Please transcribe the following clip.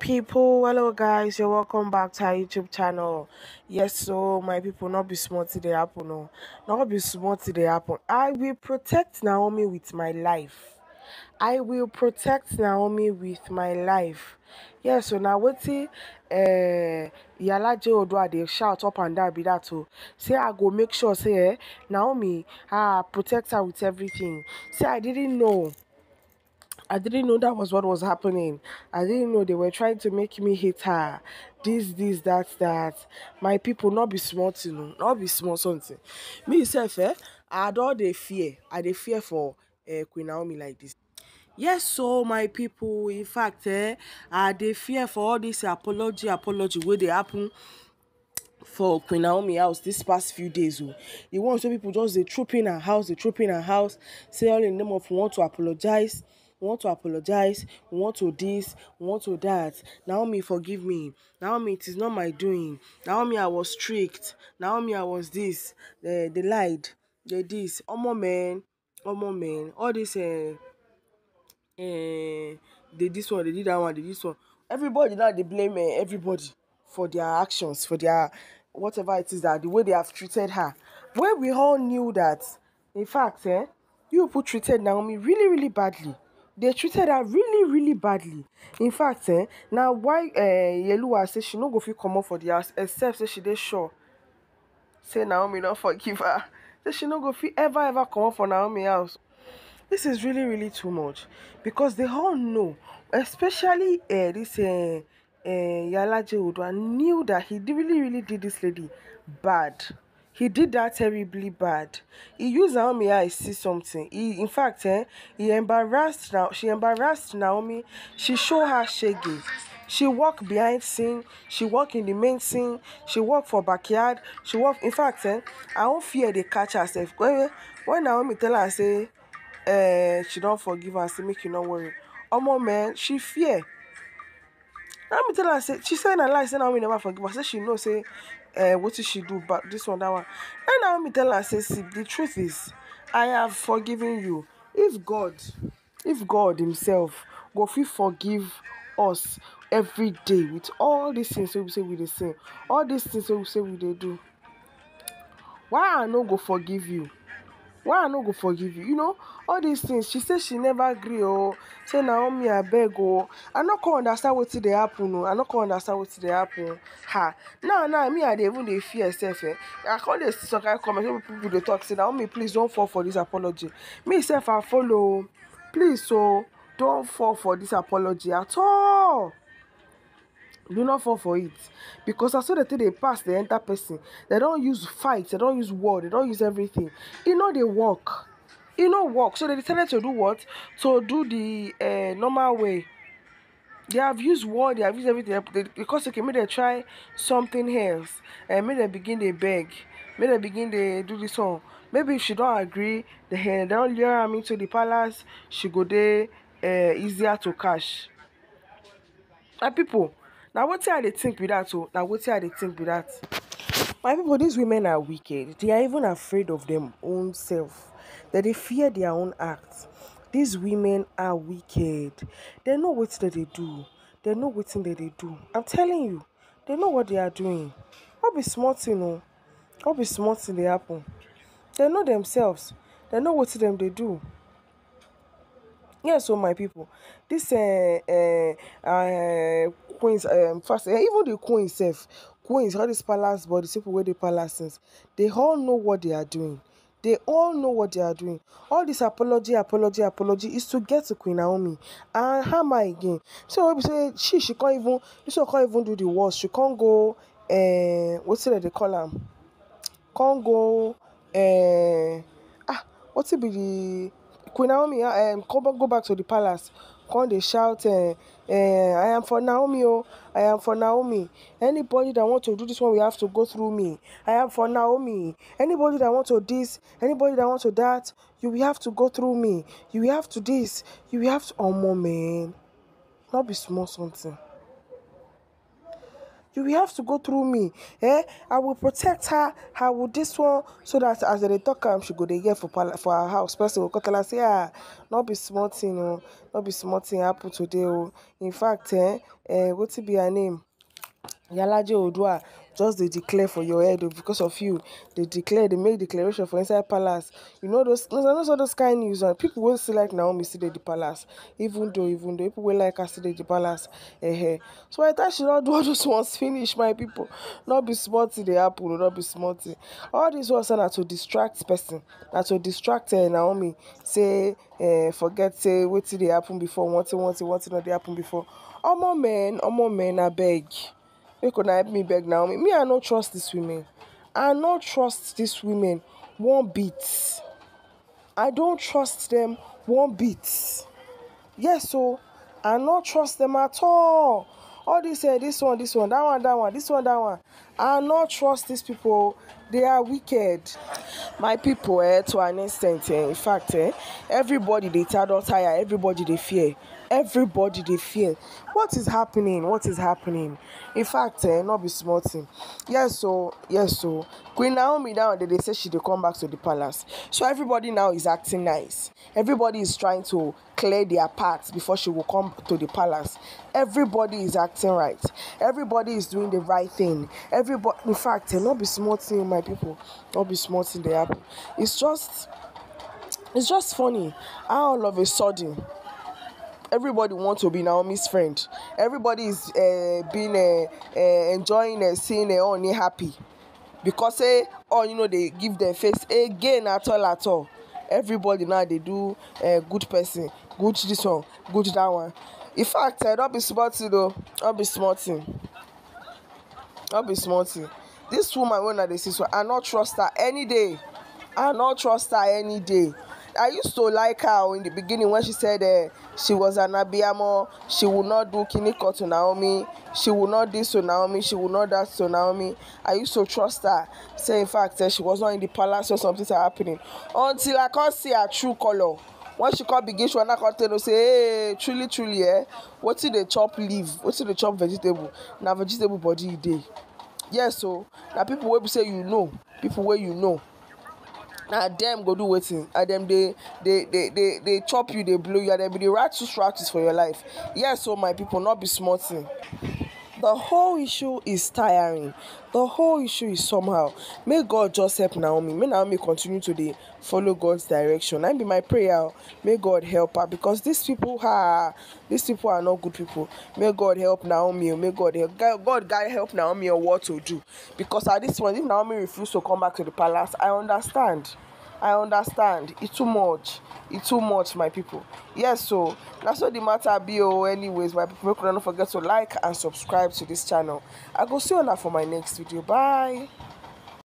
people hello guys you're welcome back to our youtube channel yes so my people not be smart today happen no not be smart today happen i will protect naomi with my life i will protect naomi with my life yes so now wetin uh yalaje odua they shout up and down be that too. say i go make sure say eh, naomi ah protect her with everything say i didn't know I didn't know that was what was happening. I didn't know they were trying to make me hate her. This, this, that, that. My people not be smart, you know, not be smart something. Me self, eh, I had all the fear. I the fear for uh, Queen Naomi like this. Yes, so my people, in fact, eh, I the fear for all this apology, apology where they happen for Queen Naomi house this past few days. You oh. want ones people just they trooping her house, they trooping her house, say all in the name of want to apologize. We want to apologize. We want to this. We want to that. Naomi, forgive me. Naomi, it is not my doing. Naomi, I was tricked. Naomi, I was this. They, they lied. They this. Omo man. Omo man. All this. Uh, uh, they this one. They did that one. They this one. Everybody now they blame uh, everybody for their actions, for their whatever it is that the way they have treated her. Where we all knew that, in fact, eh, you people treated Naomi really, really badly. They treated her really really badly in fact eh Now why eh, yelewa say she no go come up for the house except say she dey sure say naomi not forgive her say she no go fit ever ever come up for naomi house This is really really too much Because they all know especially eh, This dis eh, yalaje oduduwa knew that he really really did this lady bad he did that terribly bad he used naomi eyes see something he in fact eh, he embarrassed now. she embarrassed naomi she show her shege she work behind scene she work in the main scene she work for backyard she work in fact eh, I own fear they catch herself when when naomi tell her say eh, she don't forgive am say make you not worry omo man she fear Let me tell her, say, she said in her life, i Naomi never forgive her. Say, she know, say, uh, what did she do, but this one, that one. And me tell her, say, see, the truth is, I have forgiven you. If God, if God himself go fit forgive us every day with all these things we say we the same. all these things we say we they do why i no go forgive you why i no go forgive you you know all these things she say she never gree oo oh. say naomi abeg oo oh. i no come understand wetin dey happen oo oh. i no come understand wetin dey happen ha now now me i dey even dey fear sef eh i come dey see some kind comment wey people dey talk say naomi please don fall for this apology me sef i follow oo please oo don fall for this apology at all do not fall for it because as so the thing they pass they enter person they don't use fight they don't use word, they don't use everything You e know they work you e know work so they decided to do what to do the uh, normal way they have used word, they have used everything they, because okay make they try something else and uh, eh, make them begin they beg make them begin they do this one maybe if she don't agree then eh, they don't lure am into the palace she go there uh, easier to cash my people na wetin i dey think be dat o oh, na wetin i dey think be dat my people these women are wicked they are even afraid of them own self dem dey fear their own act these women are wicked They know wetin dem dey do They know wetin dem dey do i'm telling you they know what they are doing no be small thing o oh. no be small thing dey happen They know themselves They know wetin them dey do yes so my people this uh, uh, uh, queens um, fast uh, even the queen sef queens all these palace bodies people where the palaces, they all know what they are doing they all know what they are doing all this apology apology apology is to get to queen naomi and hammer again so we say she she can't even this one come even do the worst she can't go uh, what's it that they call am Can't go uh, ah what's it be the queen naomi uh, um go back to the palace come they shout um i am for naomi Oh, i am for naomi anybody that want to do this one we have to go through me i am for naomi anybody that want to this, anybody that want to that, you we have to go through me you have to this. you have to omo man Not be small something you will have to go through me eh i will protect her i will this one so that as dem dey talk am she go dey hear for for her house person go come tell her say ah not be small thing o oh. no be small thing happen today oh. in fact eh eh what wetin be her name Yalaje Oodua just they declare for your head because of you They declare they make declaration for inside palace you know those those know those kind news and people wey see like naomi see dey the palace even though even though people will like her see dey the palace eh so I thought time she don do all those ones finish my people not be smarty. thing dey happen o be smarty. all these ones na to distract person na to distract uh, naomi say uh, forget say wetin they happen before one thing one thing one thing no happen before more men more men I beg make una help me beg na me i no trust these women i no trust these women one bit i don't trust them one bit yes o i no trust them at all all dis eh This one this one that one that one this one that one I no trust these people. They are wicked. My people, eh, to an extent, eh, in fact, eh, everybody they tell or tire, everybody they fear. Everybody they fear. What is happening? What is happening? In fact, eh, not be smarting. Yes, so yes, so Queen Naomi now they, they say she they come back to the palace. So everybody now is acting nice. Everybody is trying to clear their path before she will come to the palace. Everybody is acting right. Everybody is doing the right thing everybody in fact eh, not be small thing my people not be small thing dey happen it's just it's just funny how all of a sudden everybody wants to be naomi's friend everybody is uh, being uh, uh, enjoying uh, seeing uh, Ooni happy because say oh you know they give their face again at all at all everybody now they do uh, good person good this one good that one in fact I don't be small though don't be small thing no be small thing this woman when I dey see so i not trust her any day i not trust her any day i used to like her in the beginning when she said uh, she was an abiyamo she would not do kiniko to naomi she would not this to naomi she would not that to naomi i used to trust her say in fact uh, she was not in the palace when something happening until i can't see her true color when she come begin she wan come tell us say hey truly truly eh wetin dey chop leaf wetin dey chop vegetable na vegetable body e dey yes o na people wey be say you know people wey you know na dem go do wetin and dem dey dey dey dey dey chop you dey blow you and dem be dey write two strategies for your life yes o my people no be small thing the whole issue is tiring the whole issue is somehow may god just help naomi may naomi continue to dey follow god's direction and be my prayer may god help her because these people are ah, these people are not good people may god help naomi may god help god guy help naomi on what to do because at this point if naomi refuse to come back to the palace i understand i understand e too much e too much my people yes so na so the matter be o oh, anyways my people make una no forget to like and subscribe to this channel i go see una for my next video bye